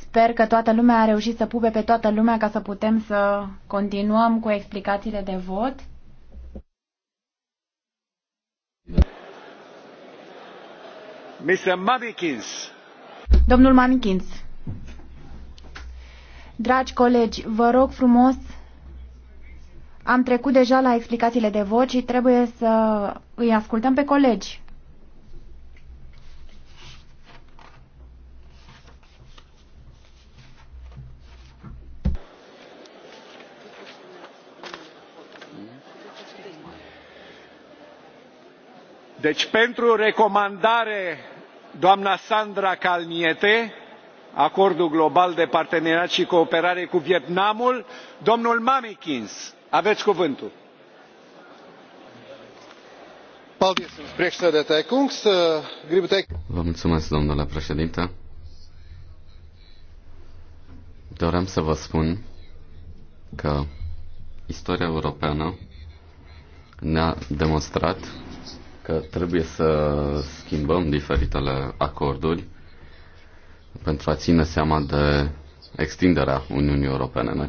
Sper că toată lumea a reușit să pupe pe toată lumea ca să putem să continuăm cu explicațiile de vot. Mr. Domnul Mamikins. Dragi colegi, vă rog frumos, am trecut deja la explicațiile de vot și trebuie să îi ascultăm pe colegi. deci pentru recomandare doamna sandra kalniete acordul global de parteneriat și cooperare cu vietnamul domnul mamikins aveți cuvântul. Vă mulțumesc, domnule președinte. Doream să vă spun că istoria europeană ne-a demonstrat că trebuie să schimbăm diferitele acorduri pentru a ține seama de extinderea Uniunii Europene.